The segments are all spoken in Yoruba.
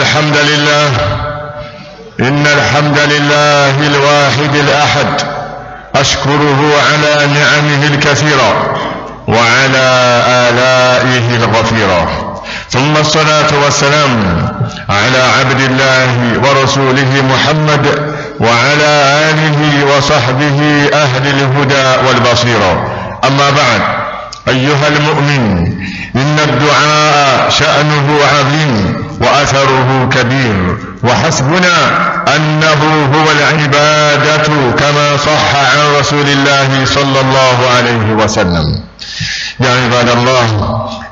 الحمد لله إن الحمد لله الواحد الأحد أشكره على نعمه الكثيرة وعلى آلائه الغفيرة ثم الصلاة والسلام على عبد الله ورسوله محمد وعلى آله وصحبه أهل الهدى والبصيرة أما بعد أيها المؤمن إن الدعاء شأنه عظيم وأثره كبير وحسبنا أنه هو العبادة كما صح عن رسول الله صلى الله عليه وسلم يا عباد الله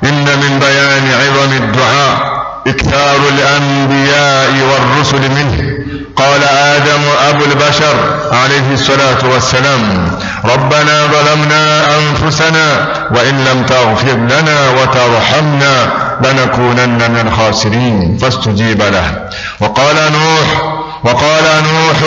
إن من بيان عظم الدعاء اكثار الانبياء والرسل منه قال آدم أبو البشر عليه الصلاة والسلام ربنا ظلمنا أنفسنا وإن لم تغفر لنا وترحمنا لنكونن من الخاسرين فاستجيب له وقال نوح وقال نوح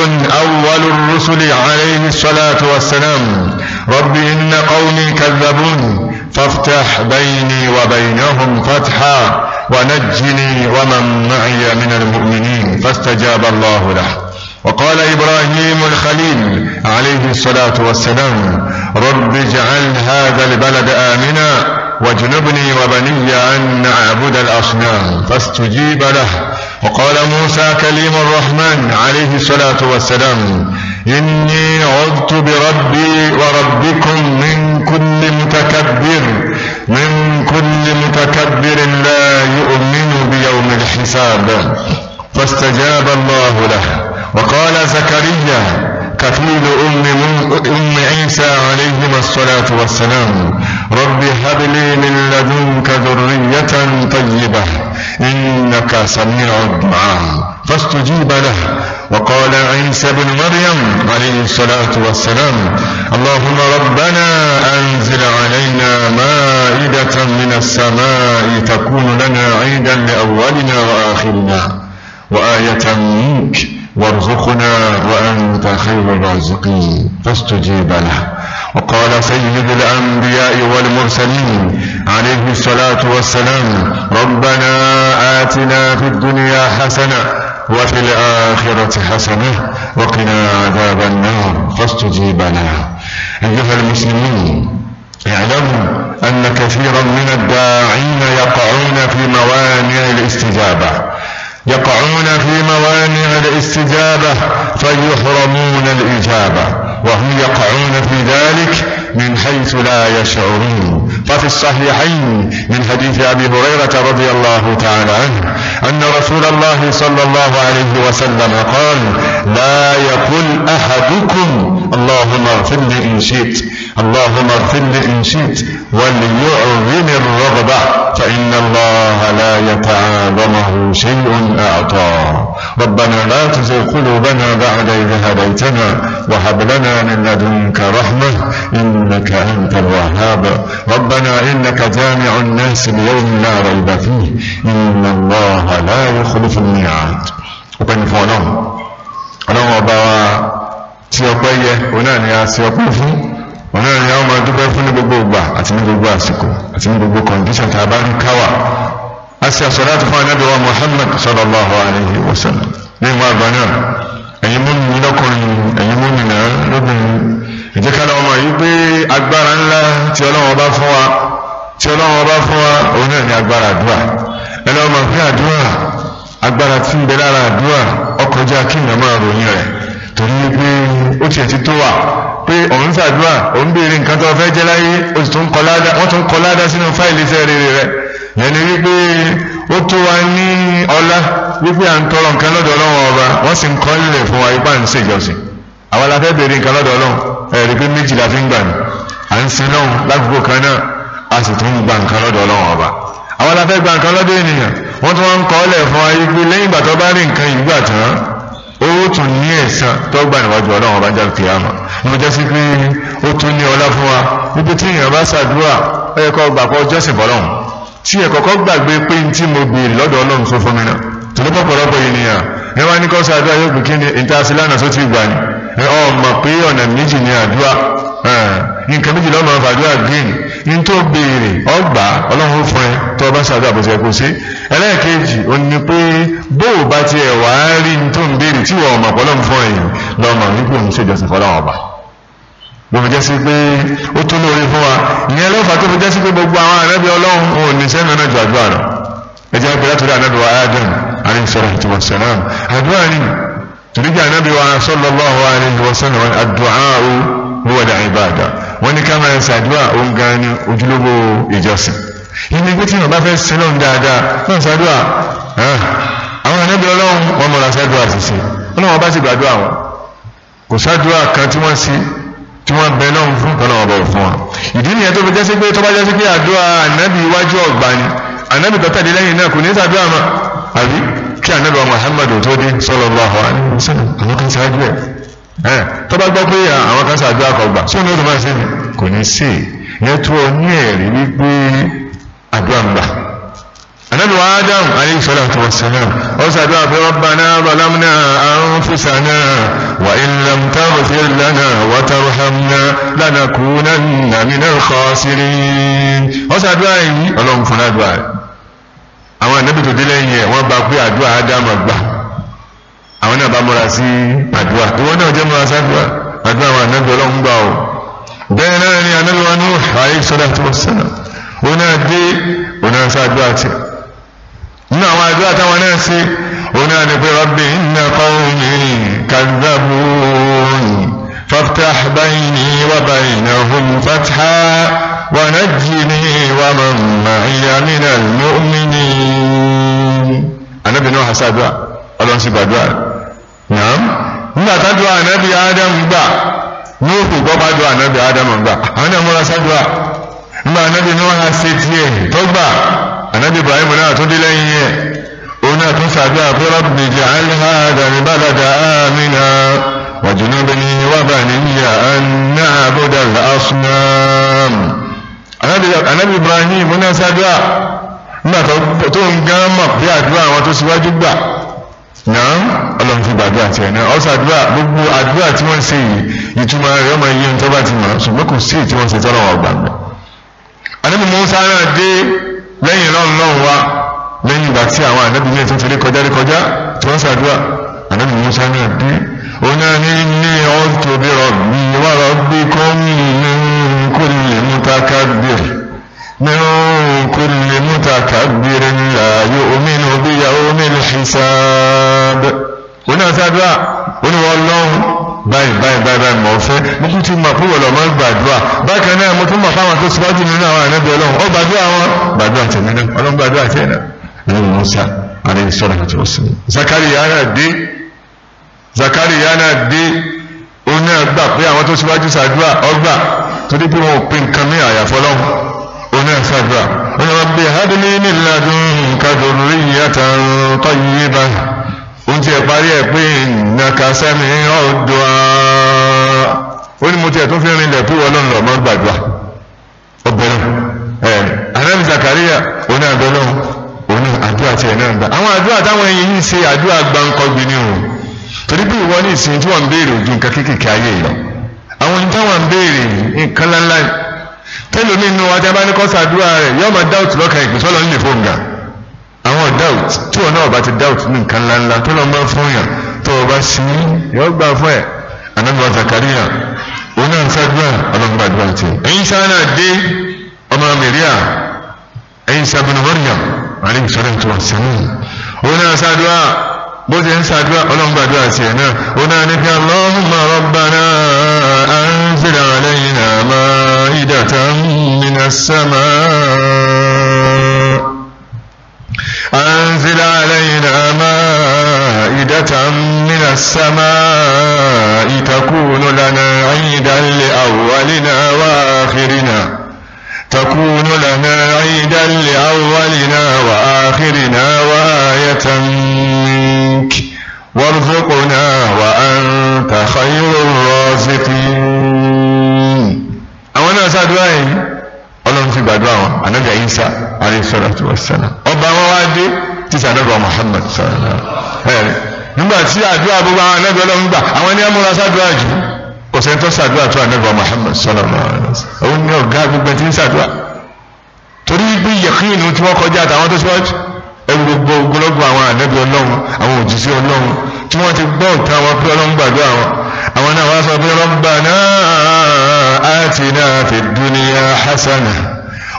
أول الرسل عليه الصلاة والسلام رب إن قومي كذبون فافتح بيني وبينهم فتحا ونجني ومن معي من المؤمنين فاستجاب الله له وقال إبراهيم الخليل عليه الصلاة والسلام رب اجعل هذا البلد آمنا واجنبني وبني أن نعبد الأصنام فاستجيب له وقال موسى كليم الرحمن عليه الصلاة والسلام إني عذت بربي وربكم من كل متكبر من كل متكبر لا يؤمن بيوم الحساب فاستجاب الله له وقال زكريا كفيل أم, أم عيسى عليهما الصلاة والسلام رب هب لي من لدنك ذرية طيبة إنك سميع الدعاء فاستجيب له وقال عيسى بن مريم عليه الصلاة والسلام اللهم ربنا أنزل علينا مائدة من السماء تكون لنا عيدا لأولنا وآخرنا وآية منك وارزقنا وأنت خير الرازقين فاستجيب له وقال سيد الأنبياء والمرسلين عليه الصلاة والسلام ربنا آتنا في الدنيا حسنة وفي الآخرة حسنة وقنا عذاب النار فاستجيب لنا أيها المسلمين اعلموا أن كثيرا من الداعين يقعون في موانع الاستجابة يقعون في موانع الاستجابة فيحرمون الإجابة وهم يقعون في ذلك من حيث لا يشعرون ففي الصحيحين من حديث أبي هريرة رضي الله تعالى عنه رسول الله صلى الله عليه وسلم قال لا يقل أحدكم اللهم اغفر لي إن شئت اللهم اغفر لي إن شئت وليعظم الرغبة فإن الله لا يتعاظمه شيء أعطاه ربنا لا تزغ قلوبنا بعد إذ هديتنا وهب لنا من لدنك رحمة إنك أنت الوهاب ربنا إنك جامع الناس ليوم لا ريب فيه إن الله لا yukhlifu al-mi'ad ọpẹ́ ní fún ọlọ́run ọlọ́run ọba wa tí ọpẹ́ yẹ òun náà ni a ṣe ọpẹ́ fún òun náà ni a máa dúpẹ́ fún ní gbogbo ìgbà àti ní gbogbo àsìkò àti ní gbogbo kọ̀ǹdíṣàn tá a bá ń káwà a ṣe àsọ̀láàtì fún anábì wa Muhammad sallallahu alayhi wa sallam ní ìwọ àgbà náà ẹ̀yin mú mi lọ́kùnrin ẹ̀yin mú mi náà lóbìnrin ìjẹ́kálẹ̀ ọmọ yìí pé agbára ńlá tí ọlọ́run ọba fún wa tí ọlọ́run ọba fún wa òun ni agbára àdúrà ẹ agbára tí ń bẹ lára àdúrà ọkọjá kí èèyàn máa ròyìn rẹ̀ torí pé ó tiẹ̀ ti tó wà pé òun ṣàdúrà òun béèrè nǹkan tó fẹ́ jẹ́ láyé ó sì tún kọ ládá wọ́n tún kọ ládá sínú fáìlì iṣẹ́ rere rẹ̀ yẹni wípé ó tó wa ní ọlá wípé à ń tọrọ nǹkan lọ́dọ̀ ọlọ́run ọba wọ́n sì ń kọ́ nílẹ̀ fún wa ipá ń ṣèjọsìn àwa la fẹ́ béèrè nǹkan lọ́dọ̀ ọlọ́run ẹ̀rí pé méjì fi ń gbà ní à ń sin náà lákòókò kan náà a sì tún gba nǹkan lọ́dọ̀ ọlọ́run ọba àwọn la fẹ́ gba nǹkan lọ́dọ̀ ènìyàn wọ́n tún wọ́n ń kọ́ ọ́lẹ̀ fún ayé pé lẹ́yìn ìgbà tó bá rí nǹkan ìgbà tán owó tún ní ẹ̀san tó gbà níwájú ọlọ́run ọba jáde kìyàmà ló jẹ́ sí pé ó tún ní ọlá fún wa wípé tí èèyàn bá ṣàdúrà ó yẹ kó gbà kó jọ́sìn bọ́lọ́run tí ẹ̀ kọ́kọ́ gbàgbé pé ní tí mo béèrè lọ́dọ̀ ọlọ́run tó fún mi náà tòlópọ̀pọ̀lọpọ̀ ènìyàn ní wọ́n ní kọ́ sí àdúrà yóò pè kí ni ìtàsílànà tó ti gbà ní ọmọ pé ọ̀nà méjì ní àdúrà nǹkan méjì lọ́mọ fàdúrà green ní tó béèrè ọgbà ọlọ́run fún ẹ tó ọba ṣàdúrà bó ṣe kó sí ẹlẹ́ẹ̀kejì ó ní pé bó o bá ti ẹ̀ wá rí ní tó ń béèrè tí wọ́n ọmọ pọ́lọ́mù fún ẹ̀yìn lọ́mọ nípò ń ṣèjọsìn fọlọ́wọ́n ọba gbogbo jẹ́ sí pé ó tó lóore fún wa ní ẹlọ́fà tó fi jẹ́ sí pé gbogbo àwọn àrẹ́bí ọlọ́run ò sẹ́nu náà jù àdúrà lọ ẹ̀jẹ̀ gbẹ́dá torí àdúrà ayájọ́ ni alayhi salatu wa salam àdúrà ni tùdíjà anábì wa sallallahu alayhi wa sallam àdúrà huwa al-ibada wọ́n ní ká máa ń ṣàdúrà òun gan ni ojúlówó ìjọsìn ìní pé tí wọn bá fẹ́ sin lọ́n dáadáa náà ṣàdúrà àwọn anábì ọlọ́run wọn mọ̀ra ṣàdúrà ṣiṣe ọlọ́run bá ti gbàdúrà wọn kò ṣàdúrà kan tí wọ́n ṣe tí wọ́n bẹ lọ́run fún kan náà ọ̀bọ̀ fún wa ìdí nìyẹn tó fi jẹ́ sí pé tó bá jẹ́ sí pé àdúrà anábì iwájú ọ̀gbà ni anábì tọ́tàdínlẹ́yìn náà kò ní ṣàdúrà mọ́ àbí kí ànábà Muhammadu tó dé sallallahu alaihi wasallam àwọn kan ṣáájú ẹ̀ tó bá gbọ́ pé àwọn kan ṣáájú àkọgbà sí ọ̀nà ìdùnmọ̀ sí ni kò ní sí ìyẹn tó o ní ẹ̀rí wípé àdúrà ń gbà ànábì wa Adam alayhi salatu wassalam ó ṣàdúrà pé rabbana zalamna anfusana wa in lam taghfir lana wa tarhamna lanakunanna minal khasirin ó ṣàdúrà yìí ọlọ́run fún àwọn ànábì tó dé lẹ́yìn ẹ̀ wọ́n bá pé àdúrà ádámà gbà àwọn náà bá múra sí àdúrà ìwọ náà jẹ́ múra sáfíà àdúrà àwọn ànábì ọlọ́run gbà ó bẹ́ẹ̀ náà ni ànábì wa Nuh alayhi salatu wassalam ó náà dé ó náà sá àdúrà tiẹ̀ nínú àwọn àdúrà táwọn náà ṣe ó náà ní pé rabbi inna qawmi kadhabuni faftah bayni wa baynahum fatha. ونجني ومن معي من المؤمنين النبي نوح سادوا ọlọ́run sì gbàdúrà náà nígbà tádùá ànábì adam gbà nóòkù gbọ́ bá dùá ànábì adam gbà àwọn náà múra sádùá nígbà ànábì Nuha ṣe tiẹ̀ tó gbà ànábì ibrahim náà tó dé lẹ́yìn yẹn òun náà tún sàdúrà pé rabbi ij'al hadha balada amina wajnubni wa baniya an na'buda al-asnam anábì Ibrahim náà sádúrà nígbà tó ń gán mọ̀ bí àdúrà àwọn tó síwájú gbà náà ọlọ́run fi gbàdúrà tiẹ̀ náà ọ̀sà àdúrà gbogbo àdúrà tí wọ́n ṣe yìí ìtumọ̀ rẹ̀ ọmọ iye tó bá ti mọ̀ ṣùgbọ́n kò sí tí wọ́n ṣe tọ́lọ̀ wọn gbà mí. anábì Musa náà dé lẹ́yìn náà náà wá lẹ́yìn ìgbà tí àwọn anábì náà tó ti rí kọjá tí wọ́n ṣàdúrà anábì Musa náà dé onáni ní ọ̀tọ̀ bí rọ̀ bí wàrà gbé kọ́ mí náà كل متكبر من كل متكبر لا يؤمن بيوم الحساب هنا سادوا هنا والله báyìí báyìí báyìí báyìí mọ̀ fẹ́ mo tún ti mọ̀ fún wọ̀lọ̀ máa ń gbàdúrà bákan náà mo tún mọ̀ fáwọn tó síwájú nínú àwọn ànábì ọlọ́run ó gbàdúrà wọn gbàdúrà tẹ̀mí náà ọlọ́run gbàdúrà tẹ̀ náà lẹ́yìn musa alayhi sọ́dọ̀ àti ọ̀sìn. zakariya náà dé zakariya òun náà gbà pé àwọn tó síwájú sàdúrà ọgbà torí pé wọn ò pe nǹkan ní onye oní ẹ̀sàdúrà oní rabbi hadli min ladunka dhurriyatan tayyibah òun ti ẹ̀ parí ẹ̀ pé innaka ó ní mo ti ẹ̀ tún fi rinlẹ̀ pé wọ́n lọ́nà lọ́mọ gbàdúrà ọbẹ̀ ẹ̀ anabi Zakariya oní oh, àbẹ̀ oní àdúrà tiẹ̀ náà gbà àwọn àdúrà táwọn ẹ̀yìn yìí ṣe àdúrà ni o oh, eh, oh, torí àwọn ìtawà ń béèrè nǹkan lánlá tẹ́lò ní inú wájá bá ní kọ́ sàdúrà rẹ̀ yọ́ ma doubt lọ́kàn ìpín sọ́lọ́ nílé fóun gà àwọn doubt tí wọn náà bá ti doubt ní nǹkan lánlá tó lọ́ máa fún yàn tó o bá sí yọ́ gbà fún ẹ̀ anábì wa Zakariya òun náà ń sàdúrà ọlọ́mọba àdúrà ti ẹ̀yin sáánà dé ọmọ mẹ́ríà ẹ̀yin sábìnrin Maryam àríwísọ́lẹ̀ tó wà sẹ́yìn بوزين ساتوا أولم بدوا سينا ونانك اللهم ربنا أنزل علينا مائدة من السماء أنزل علينا مائدة من السماء تكون لنا عيدا لأولنا وآخرنا تكون لنا عيدا لأولنا وآخرنا وآية منك وارزقنا وأنت خير الرازقين àwọn náà ṣàdúrà yìí ọlọ́run ti gbàdúrà wọn anájà isa alayhisalatu wasalam ọba wọn wá dé ti sàdọ́gba muhammad sallallahu ẹ̀rẹ́ nígbà tí àdúrà gbogbo àwọn anábì ọlọ́run gbà àwọn ẹni amúra ṣàdúrà jù kò sẹ́ni tó ṣàdúrà tó anábì muhammad sallallahu alaihi wasallam òun ni gbogbo ẹni ń ṣàdúrà torí gbé yẹ̀kínù tí wọ́n kọjá àtàwọn tó ṣọ́ọ̀jù ẹ̀rù gbogbo ogunlọ́gbọ̀ àwọn ànábì ọlọ́run àwọn òjíṣẹ́ ọlọ́run tí wọ́n ti gbọ́ ìta wọn pé ọlọ́run gbàdúrà wọn àwọn náà wá sọ pé rabbana atina fid dunya hasana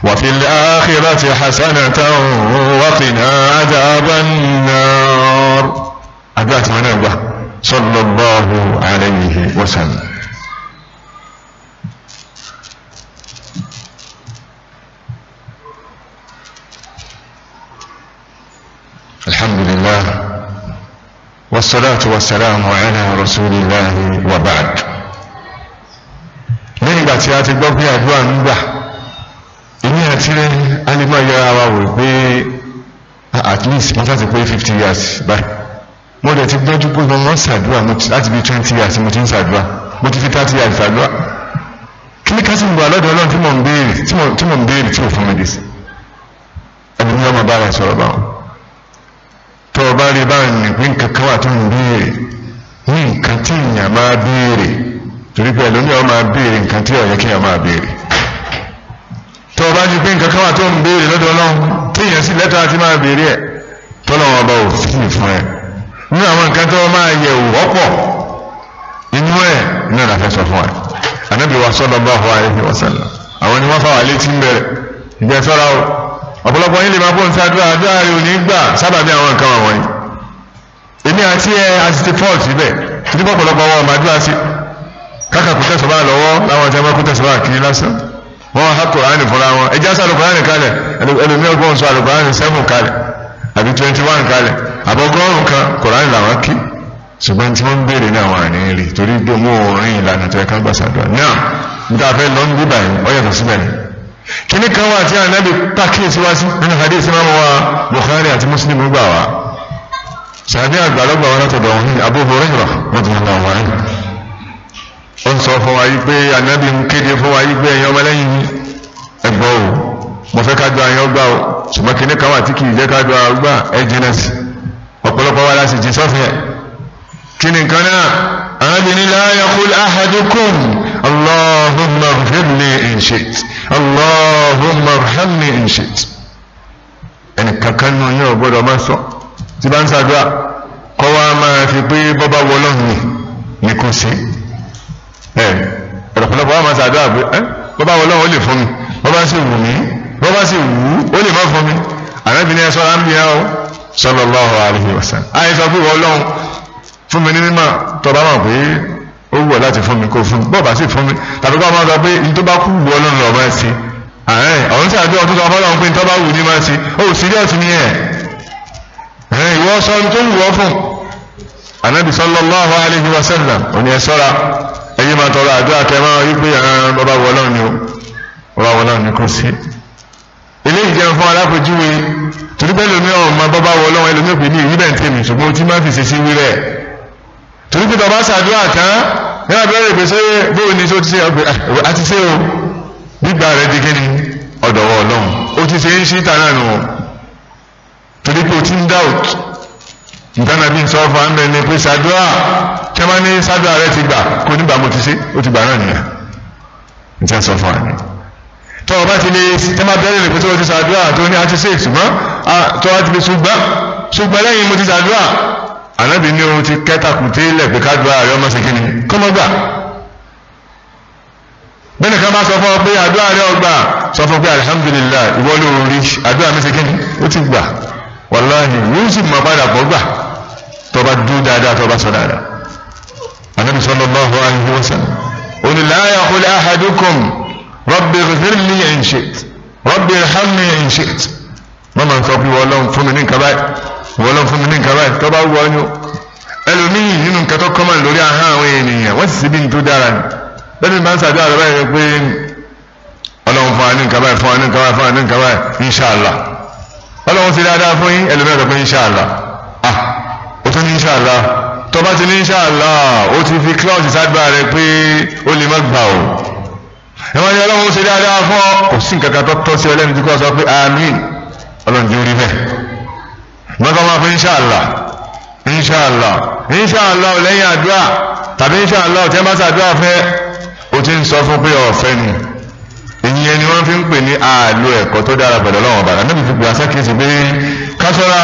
wa fil akhirati hasanatan wa qina adhaban nar àdúrà tí wọ́n náà gbà sallallahu alayhi wa sallam الحمد لله والصلاة والسلام على رسول الله وبعد lẹ́yìn ìgbà tí a ti gbọ́ pé àdúrà ń gbà èmi àti rẹ a lè máa yẹra wa wò pé at least wọ́n ti pé fifty years báyìí mo dẹ̀ ti gbọ́jú pé wọ́n ṣàdúrà láti bí twenty years mo ti ń ṣàdúrà mo ti fi thirty years ṣàdúrà kí ni ká sì ń bọ̀ alọ́dọ̀ ọlọ́run tí mò ń béèrè tí mò ń béèrè tí ò fún mi dé sí ẹni ní ọmọ bá rẹ sọ̀rọ̀ báwọn tó o bá rí báyìí nípé nǹkan kan wà tó ń béèrè ní nǹkan tí èèyàn máa béèrè torí pé ẹlòmíì ọ máa béèrè nǹkan tí ó yẹ kí èèyàn máa béèrè tó o bá rí pé nǹkan kan wà tó ń béèrè lọ́dọ̀ ọlọ́run tí èèyàn sì lẹ́tọ̀ọ́ àti máa béèrè ẹ̀ tọ́lọ́wọ́n ọba òfin fún ẹ nínú àwọn nǹkan tó máa yẹ̀ wò inú ẹ̀ náà la fẹ́ sọ fún ẹ anábìwà sallallahu alaihi wasallam àwọn ni wọ́n fà wà létí ń bẹ̀rẹ̀ ìgbẹ́sọ́ra o ọ̀pọ̀lọpọ̀ yín lè máa fóun ṣáájú àdúrà rẹ̀ ò ní gbà sábàbí àwọn nǹkan àwọn yìí èmi àti ẹ àti ti fọ́ọ̀tù síbẹ̀ títí pọ̀pọ̀lọpọ̀ wọn ọmọ àdúrà sí káka kú tẹ̀sán bá lọ́wọ́ láwọn ọ̀tí ẹgbẹ́ kú tẹ̀sán bá kiri lásán wọn ha kùránì fúnra wọn ẹja sọ àlùkùránì kalẹ̀ ẹlòmíràn gbọ́n sọ àlùkùránì seven kalẹ̀ àbí twenty one kalẹ̀ àbọ̀gọ́rùn kan kùránì làwọn kí ṣùgbọ́n tí wọ́n ń béèrè ní àwọn àní rí torí gbòmó orin ìlànà tó yẹ ká gbàsàdúrà náà nígbà fẹ́ lọ́nù bíbà yìí ọ yàtọ̀ síbẹ̀ ni kíní kan wà tí ànábì pàkíyèsí wá sí nínú hadith máa mọ́ wa Bukhari àti Muslim gbà wá sàbí àgbàlagbà wọn látọ̀dọ̀ wọn ní Abu Hurairah radiyallahu anhu ó ń sọ fún wa yìí pé ànábì ń kéde fún wa yìí pé ẹ̀yin ọmọlẹ́yìn ẹ̀gbọ́ o mo fẹ́ ká do àyàn gbà o ṣùgbọ́n kíní kan wà tí kì í jẹ́ ká do àwọn gbà ẹ̀ wa láti jìn sọ́fìn ẹ̀ kan náà ànábì ní la yaqul ahadukum اللهم ارحمني إن شئت اللهم ارحمني إن شئت ẹnì kankan nù yóò gbọ́dọ̀ máa sọ tí bá ń ṣàdúrà kọ wá máa fi pé bọba wọlọrun ni ni kò sí ẹ ọ̀pọ̀lọpọ̀ wa máa ṣàdúrà pé ẹ bọba wọlọrun ó lè fún mi bọba sì wù mí bọba sì wù ú ó lè má fún mi àrẹ́bìnrin ẹ sọ́ra ń bí ẹ o sallallahu alaihi wasallam àìsàn pé wọlọrun fún mi ní mímọ̀ tọba máa pé ó wù ọ láti fún mi kó fún mi bọ́ọ̀ bá sì fún mi tàbí ká máa sọ pé n tó bá kú wù ọlọ́run lọ́ọ́ máa ṣe àárẹ̀ ọ̀hún sì àjọ ọdún tó bá lọ́wọ́ pé n tó bá wù ní máa ṣe ó serious ni ẹ̀ ẹ̀ ìwọ sọ ohun tó wù ọ fún anabi sallallahu alayhi wa sallam òní ẹ sọ́ra ẹ̀yin máa tọrọ àdúrà kẹ́ máa rí pé bàbá wọ ọlọ́run ni ó bàbá wọ ọlọ́run ni kò sí eléyìí jẹun fún alákòjúwe torí bẹ́ẹ̀ lómi ọ̀ọ́ máa bàbá wọ ọlọ́run ẹlòmíì pè ní ìrí bẹ́ẹ̀ ń tèmi ṣùgbọ́n ó ti máa fi ṣe sí wíwẹ́ẹ̀ kí tọba ṣàdúrà tán níwọ̀n bẹ̀rẹ̀ pé ṣé bóyá ní ṣó ti ṣe ọgbẹ́ àti ṣé o gbígbà rẹ̀ di kí ni ọ̀dọ̀wọ̀ ọlọ́run ó ti ṣe ń ṣí ìta náà nù ọ́ torí pé o ti ń doubt ìtànà bí n sọ fún amẹ́ ni pé ṣàdúrà kí wọ́n ní ṣàdúrà rẹ̀ ti gbà kó nígbà mo ti ṣe ó ti gbà náà nìyẹn n ti sọ fún amẹ́ tọ́ ọ bá ti lè tẹ́ máa bẹ̀rẹ̀ o ti ṣàdúrà tó ní àti ṣe ṣùgbọ́n tó wá ti lè ṣùgbọ́n ṣùgbọ́n lẹ́yìn mo ti ṣàdúrà ànábì ní ohun ti kẹ́tàkùté ilẹ̀ pé kádùá rẹ̀ ọmọ sí kíni kọ́mọ́gbà bẹ́ẹ̀ nìkan bá sọ fún ọ pé àdúrà rẹ̀ ọgbà sọ fún pé alihamdulilayi ìwọ ló rí àdúrà mi sí kíni ó ti gbà wàláhì yóò sì mọ̀ padà bọ́ gbà tó bá dúró dáadáa tó bá sọ dáadáa ànábì sallallahu alaihi wasallam ó ní la yaqul ahadukum rabbi ighfirli in shi'ta rabbi irhamni in shi'ta wọ́n máa ń wọ́n lọ fún mi ní nǹkan báyìí tó bá wù ọ́ ní o ẹlòmíì nínú nǹkan tó kọ́mọ̀ lórí ahọ́n àwọn ènìyàn wọ́n sì sí bí n tó dára ni bẹ́ẹ̀ ni bá ń sàdúrà rẹ̀ báyìí pé ọlọ́run fún wa ní nǹkan báyìí fún wa ní nǹkan báyìí fún wa ní nǹkan báyìí inṣàlá ọlọ́run ti dáadáa fún yín ẹlòmíì rẹ̀ pé inṣàlá ah o tún ní inṣàlá tó bá ti ní inṣàlá ó ti fi kílọ̀sì sádùrà rẹ̀ pé ó lè má gbà o ẹ wọ́n ní ọlọ́run ṣe dáadáa fún ọ kò sí nǹkan kan tó tọ́ sí ọlẹ́ni tí kò sọ pé àmín ọlọ́run ti rí bẹ́ẹ̀ gbọ́dọ̀ máa fún inṣàlá inṣàlá inṣàlá lẹ́yìn àdúrà tàbí inṣàlá tí wọ́n bá ṣàdúrà fẹ́ o ti ń sọ fún pé ọ̀fẹ́ ni ìyẹn ni wọ́n fi ń pè ní àlò ẹ̀kọ́ tó dára pẹ̀lú ọlọ́run ọ̀bàdàn níbi fi pè àṣàkíyèsí pé kásọ́ra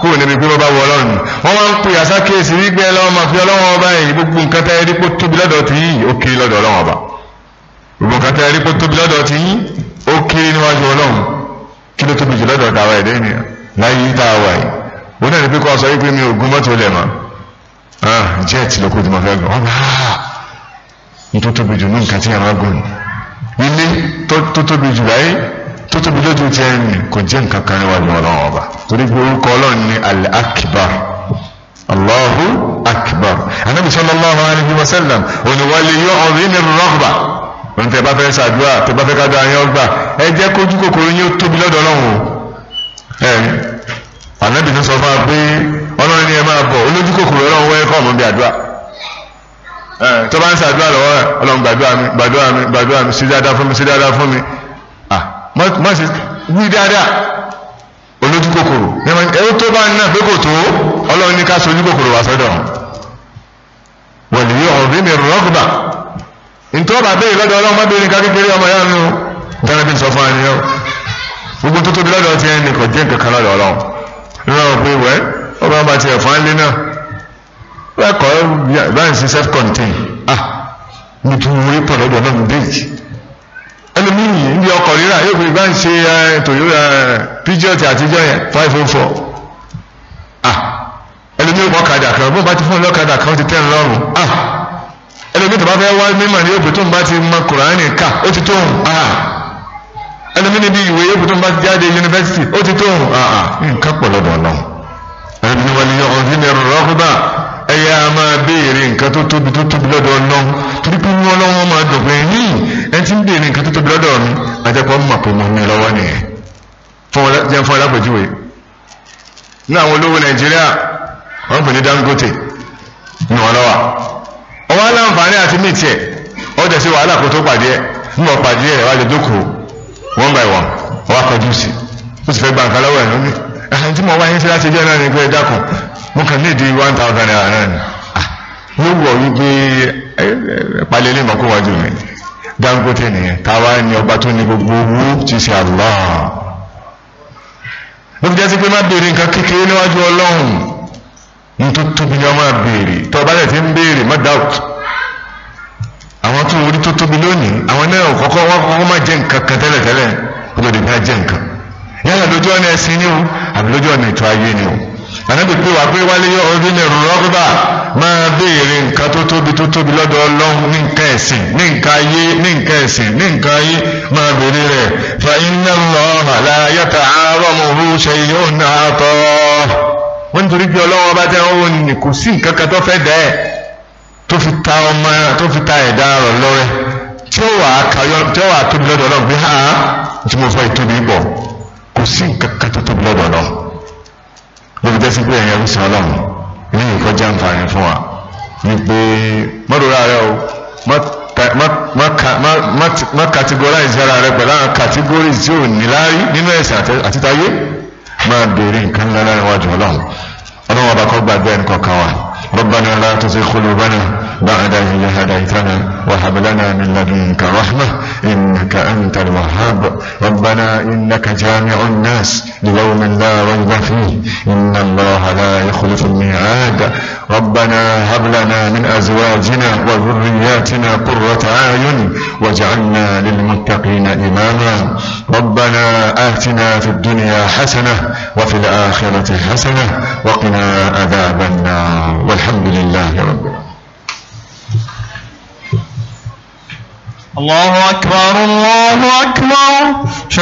kúrò níbi pé wọ́n bá wọ ọlọ́run wọ́n máa ń pè àṣàkíyèsí wípé ọlọ́run máa fi ọlọ́run ọba yìí gbogbo nǹkan tẹ́ ẹrí pé tóbi lọ́dọ̀ tí yìí ó kiri lọ́dọ̀ ọlọ́run ọba gbogbo nǹkan tẹ́ ẹrí pé tóbi lọ́dọ̀ tí yìí ó kiri níwájú ọlọ́run kí ló tóbi jù lọ́dọ̀ tàwa ẹ̀dẹ́ ènìyàn láyé tá a wà yìí ó náà ní pé kọ́ sọ wípé mi ò gún mọ́tò lẹ̀ mọ́ jet ló kó tí mo fẹ́ gùn ọ́n náà ní tó tóbi jù ní nǹkan tí àwọn agùn ilé tó tóbi jù láyé tó tóbi lójú ti ẹni kò jẹ́ nǹkan kan níwájú ọlọ́run ọba torí pé orúkọ ọlọ́run ní al-akbar allahu akbar anabi sallallahu alayhi wa sallam oníwàlẹ̀ yóò ọ̀rẹ́ ní rọ́gbà wọn tẹ bá fẹ́ ṣàdúrà tẹ bá fẹ́ ká dá ayọ́ ẹ jẹ́ kójú kòkòrò yóò tóbi lọ́dọ̀ ọlọ́run o ẹ̀rí ànábì tó sọ fún wa pé ọlọ́run ni ẹ máa bọ̀ olójú kòkòrò ọlọ́run wẹ́ kọ́ ọ̀mọ́ bí àdúrà tó bá ń ṣàdúrà lọ́wọ́ ẹ̀ ọlọ́run gbàdúrà mi gbàdúrà mi gbàdúrà mi sí dáadáa fún mi sí dáadáa fún mi mọ̀ sí wí dáadáa olójú kòkòrò ẹ̀rọ tó bá ń ná pé kò tó ọlọ́run ní ká sojú kòkòrò wá sọ́dọ̀ wọ̀lì ọ̀rẹ́ mi rọ́gbà ntọ́ bàbá ìlọ́dọ̀ ọlọ́run má bẹ̀rẹ̀ ká kékeré ọmọ yára nù tẹ́lẹ̀ bí sọ fún àníyàn lọ́dọ̀ tí ẹni kò jẹ́ nǹkan kan lọ́dọ̀ ọlọ́run lọ́wọ́ pé wẹ́ ó bá bá tiẹ̀ fún alẹ́ náà lẹ́kọ̀ọ́ báyìí sí self contained ah mo tún rí pọ̀ lọ́dọ̀ náà mi bẹ́ẹ̀ ẹlòmíì ń bí ọkọ̀ rírà yóò fi báyìí ṣe eh, Toyota eh, Peugeot àtijọ́ yẹn five oh four ah ẹlòmíì mọ̀ ọ̀kadà kan bó bá ti fún ọlọ́kadà kan ti tẹ́ lọ́rùn ah ẹlòmíì tó bá fẹ́ wá mímọ̀ ní òpin tó ń bá ti mọ Kùránì ká ó ti tó ah ẹlẹ́mi níbi ìwé yóò tó ń bá jáde yunifásitì ó ti tó ah, ah, nǹkan pọ̀ lọ́dọ̀ náà ẹlẹ́mi wọn ni ọ̀hún sí ni rọ́gbà ẹ̀yà a máa béèrè nǹkan tó tóbi tó tóbi lọ́dọ̀ náà torí pé wọn lọ́wọ́ máa dùn pé ní ẹ ti ń béèrè nǹkan tó tóbi lọ́dọ̀ mi àjẹpọ̀ mọ̀ pé mo ní lọ́wọ́ nìyẹn jẹ́ fún alápèjúwe ní àwọn olówó nàìjíríà wọ́n pè ní Dangote ní wọn lọ́wọ́ ọwọ́ aláǹfààní àti mìtì ẹ̀ sí wàhálà kó tó pàdé ẹ̀ ń bọ̀ pàdé ẹ̀ wájú dókòó one by one ọwọ́ akọjú sí ó sì fẹ́ gba nǹkan lọ́wọ́ ẹ̀ lómi ẹ̀hìn tí mo wá yín sí láti náà ni pé ẹ dákun mo kàn ní ìdí one thousand naira náà ni ló wọ̀ wípé palẹ̀ ilé ìmọ̀kó wájú mi Dangote nìyẹn táwa ni ọba tó ní gbogbo owó ti ṣe Allah ló fi jẹ́ sí pé má béèrè nǹkan kékeré níwájú Ọlọ́run ní tó tóbi ni wọ́n máa béèrè tó ọba rẹ̀ ti ń béèrè má doubt àwọn tó orí tó tóbi lónìí àwọn náà kọ́kọ́ wọ́n kọ́kọ́ má jẹ́ nǹkan kan tẹ́lẹ̀tẹ́lẹ̀ kó lè dèbí ajẹ́ nǹkan yálà lójú ọ̀nà ẹ̀sìn ni o àbí lójú ọ̀nà ètò ayé ni o ànábì pé wàá pé wálé yọ ọdún ní ẹ̀rù rọ́gbà máa béèrè nǹkan tó tóbi tó tóbi lọ́dọ̀ ọlọ́run ní nǹkan ẹ̀sìn ní nǹkan ayé ní nǹkan ẹ̀sìn ní nǹkan ayé máa béèrè rẹ̀ fa inna Allaha la yata'aramuhu shay'un àtọ́ wọ́n nítorí pé ọlọ́run ọba tẹ́ ń wò ní kò sí nǹkan kan tó fẹ́ dẹ́ ẹ̀ tó fi ta ọmọ tó fi ta ẹ̀dá rọ̀ lọ́rẹ́ tí ó wà kayọ tí ó wà tóbi lọ́dọ̀ náà bí hàn án tí mo fẹ́ tóbi bọ̀ kò sí nǹkan kan tó tóbi lọ́dọ̀ náà lóbi jẹ́ sí pé ẹ̀yẹ ń sàn lọ́run ní nǹkan jẹ́ àǹfààní fún wa ni pé mọ́dọ̀rọ̀ rẹ o má categorize ara rẹ pẹ̀lú àwọn categories tí ò ní láárí nínú ẹ̀sìn àtitayé máa béèrè nǹkan ńlá lára iwájú ọlọ́run ọlọ́run ọba kan gbàgbé ẹnì kọ̀ọ̀kan wa. ربنا لا تزغ قلوبنا بعد إذ هديتنا وهب لنا من لدنك رحمة إنك أنت الوهاب ربنا إنك جامع الناس ليوم لا ريب فيه إن الله لا يخلف الميعاد ربنا هب لنا من أزواجنا وذرياتنا قرة أعين واجعلنا للمتقين إماما ربنا آتنا في الدنيا حسنة وفي الآخرة حسنة وقنا عذاب النار والحمد لله رب العالمين الله أكبر الله أكبر